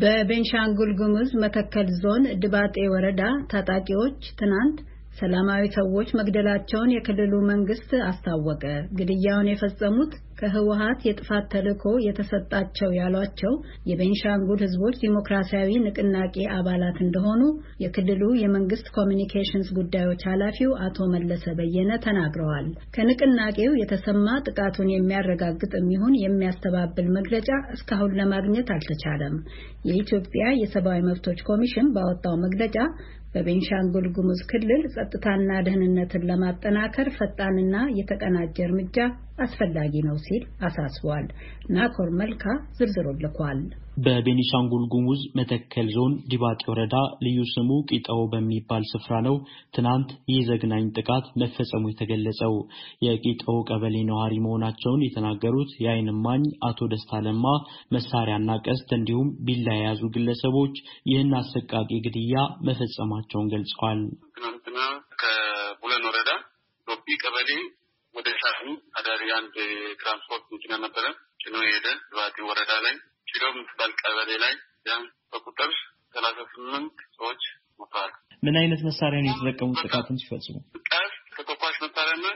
በቤንሻንጉል ጉሙዝ መተከል ዞን ድባጤ ወረዳ ታጣቂዎች ትናንት ሰላማዊ ሰዎች መግደላቸውን የክልሉ መንግስት አስታወቀ። ግድያውን የፈጸሙት ከህወሀት የጥፋት ተልዕኮ የተሰጣቸው ያሏቸው የቤንሻንጉል ህዝቦች ዲሞክራሲያዊ ንቅናቄ አባላት እንደሆኑ የክልሉ የመንግስት ኮሚኒኬሽንስ ጉዳዮች ኃላፊው አቶ መለሰ በየነ ተናግረዋል። ከንቅናቄው የተሰማ ጥቃቱን የሚያረጋግጥ የሚሆን የሚያስተባብል መግለጫ እስካሁን ለማግኘት አልተቻለም። የኢትዮጵያ የሰብአዊ መብቶች ኮሚሽን ባወጣው መግለጫ በቤንሻንጉል ጉሙዝ ክልል ጸጥታና ደህንነትን ለማጠናከር ፈጣንና የተቀናጀ እርምጃ አስፈላጊ ነው ሲል አሳስቧል። ናኮር መልካ ዝርዝሩን ልኳል። በቤኒሻንጉል ጉሙዝ መተከል ዞን ዲባጢ ወረዳ ልዩ ስሙ ቂጠው በሚባል ስፍራ ነው ትናንት ይህ ዘግናኝ ጥቃት መፈጸሙ የተገለጸው። የቂጠው ቀበሌ ነዋሪ መሆናቸውን የተናገሩት የአይንማኝ እማኝ አቶ ደስታ ለማ መሳሪያና ቀስት እንዲሁም ቢላ የያዙ ግለሰቦች ይህን አሰቃቂ ግድያ መፈጸማቸውን ገልጸዋል። ትናንትና ከቡለን ወረዳ ዶቢ ቀበሌ አዳሪ አንድ ትራንስፖርት መኪና ነበረ ጭኖ የሄደ ባቲ ወረዳ ላይ ኪሎ ምትባል ቀበሌ ላይ ቢያንስ በቁጥር ሰላሳ ስምንት ሰዎች ሞተዋል። ምን አይነት መሳሪያ ነው የተጠቀሙት ጥቃቱን ሲፈጽሙ? ቀስ ተተኳሽ መሳሪያና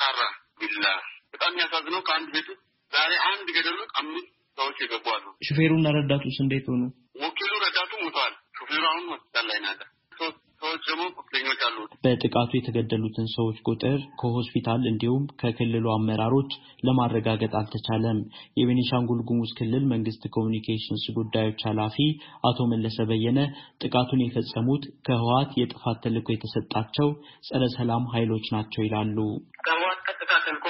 ካራ ቢላ። በጣም የሚያሳዝነው ከአንድ ቤት ውስጥ ዛሬ አንድ ገደሉ አምስት ሰዎች የገቡ አሉ። ሹፌሩና ረዳቱስ እንዴት ሆኑ? ወኪሉ ረዳቱ ሞተዋል። ሹፌሩ አሁን ሆስፒታል ላይ ናለ። ሰዎች ደግሞ ቁስለኞች አሉ። በጥቃቱ የተገደሉትን ሰዎች ቁጥር ከሆስፒታል እንዲሁም ከክልሉ አመራሮች ለማረጋገጥ አልተቻለም። የቤኒሻንጉል ጉሙዝ ክልል መንግስት ኮሚኒኬሽንስ ጉዳዮች ኃላፊ አቶ መለሰ በየነ ጥቃቱን የፈጸሙት ከህወሓት የጥፋት ተልኮ የተሰጣቸው ጸረ ሰላም ኃይሎች ናቸው ይላሉ። ከህወሓት ቀጥታ ተልዕኮ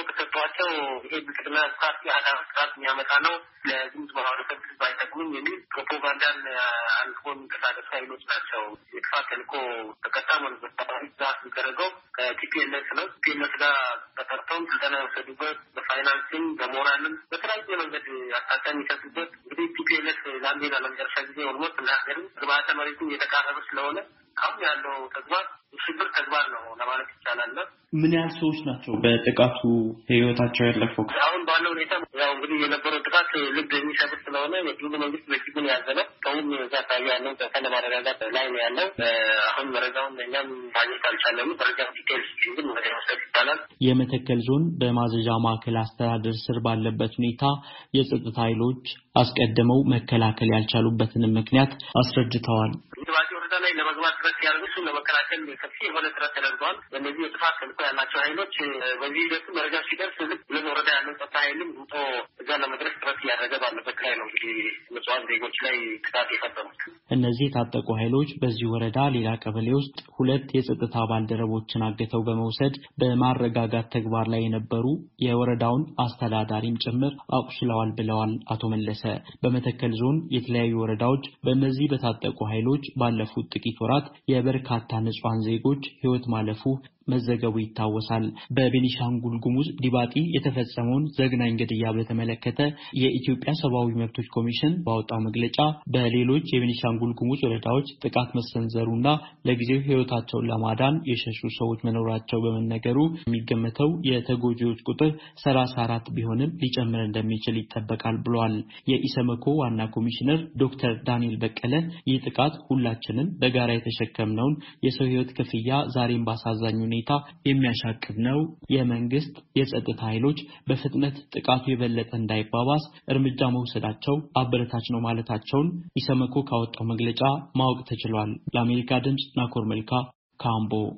ይሄ ብልጽግና ፓርቲ አዳም ስርዓት የሚያመጣ ነው ለጉሙዝ ማህበረሰብ ህዝብ አይጠቅምም የሚል ፕሮፓጋንዳን አንፎ የሚንቀሳቀሱ ኃይሎች ናቸው። የጥፋት ተልኮ በቀጣም ዛት የሚደረገው ከቲፒኤልኤስ ነው። ቲፒኤልኤስ ጋር ተጠርተውም ስልጠና የወሰዱበት በፋይናንስም በሞራልም በተለያየ መንገድ አሳታ የሚሰጡበት እንግዲህ ቲፒኤልኤስ ለአንዴና ለመጨረሻ ጊዜ ኦልሞት እና ሀገርም መሬቱን መሬቱ እየተቃረበ ስለሆነ አሁን ያለው ተግባር ሽብር ተግባር ነው ለማለት ይቻላል። ምን ያህል ሰዎች ናቸው በጥቃቱ ህይወታቸው ያለፈው? አሁን ባለው ሁኔታ ያው እንግዲህ የነበረው ጥቃት ልብ የሚሰብር ስለሆነ የክልሉ መንግስት በእጅጉን ያዘ ነው። ሰውም እዛ አካባቢ ያለው ከተለ ማረጋጋት ላይ ነው ያለው። አሁን መረጃውን እኛም ማግኘት አልቻለም። መረጃ ዲቴልስ ግን መውሰድ ይቻላል። የመተከል ዞን በማዘዣ ማዕከል አስተዳደር ስር ባለበት ሁኔታ የጸጥታ ኃይሎች አስቀድመው መከላከል ያልቻሉበትንም ምክንያት አስረድተዋል። ወረዳ ላይ ለመግባት ጥረት ያደርጉ እሱን ለመከላከል ሰፊ የሆነ ጥረት ተደርገዋል። በእነዚህ የጥፋት ተልዕኮ ያላቸው ኃይሎች በዚህ ሂደቱ መረጃ ሲደርስ ልክ ሁለት ወረዳ ያለው ጸጥታ ኃይልም ሩጦ እዛ ለመድረስ ትኩረት እያደረገ ባለበት ላይ ነው እንግዲህ ንጹሐን ዜጎች ላይ ቅጣት የፈጸሙት። እነዚህ የታጠቁ ኃይሎች በዚህ ወረዳ ሌላ ቀበሌ ውስጥ ሁለት የጸጥታ ባልደረቦችን አግተው በመውሰድ በማረጋጋት ተግባር ላይ የነበሩ የወረዳውን አስተዳዳሪም ጭምር አቁስለዋል ብለዋል አቶ መለሰ። በመተከል ዞን የተለያዩ ወረዳዎች በእነዚህ በታጠቁ ኃይሎች ባለፉት ጥቂት ወራት የበርካታ ንጹሐን ዜጎች ህይወት ማለፉ መዘገቡ ይታወሳል። በቤኒሻንጉል ጉሙዝ ዲባጢ የተፈጸመውን ዘግናኝ ግድያ በተመለከተ የኢትዮጵያ ሰብአዊ መብቶች ኮሚሽን ባወጣው መግለጫ በሌሎች የቤኒሻንጉል ጉሙዝ ወረዳዎች ጥቃት መሰንዘሩና ለጊዜው ሕይወታቸውን ለማዳን የሸሹ ሰዎች መኖራቸው በመነገሩ የሚገመተው የተጎጂዎች ቁጥር ሰላሳ አራት ቢሆንም ሊጨምር እንደሚችል ይጠበቃል ብሏል። የኢሰመኮ ዋና ኮሚሽነር ዶክተር ዳንኤል በቀለ ይህ ጥቃት ሁላችንም በጋራ የተሸከምነውን የሰው ሕይወት ክፍያ ዛሬም ባሳዛኝ ሁኔታ ሁኔታ የሚያሻቅብ ነው። የመንግስት የጸጥታ ኃይሎች በፍጥነት ጥቃቱ የበለጠ እንዳይባባስ እርምጃ መውሰዳቸው አበረታች ነው ማለታቸውን ኢሰመኮ ካወጣው መግለጫ ማወቅ ተችሏል። ለአሜሪካ ድምፅ ናኮር መልካ ካምቦ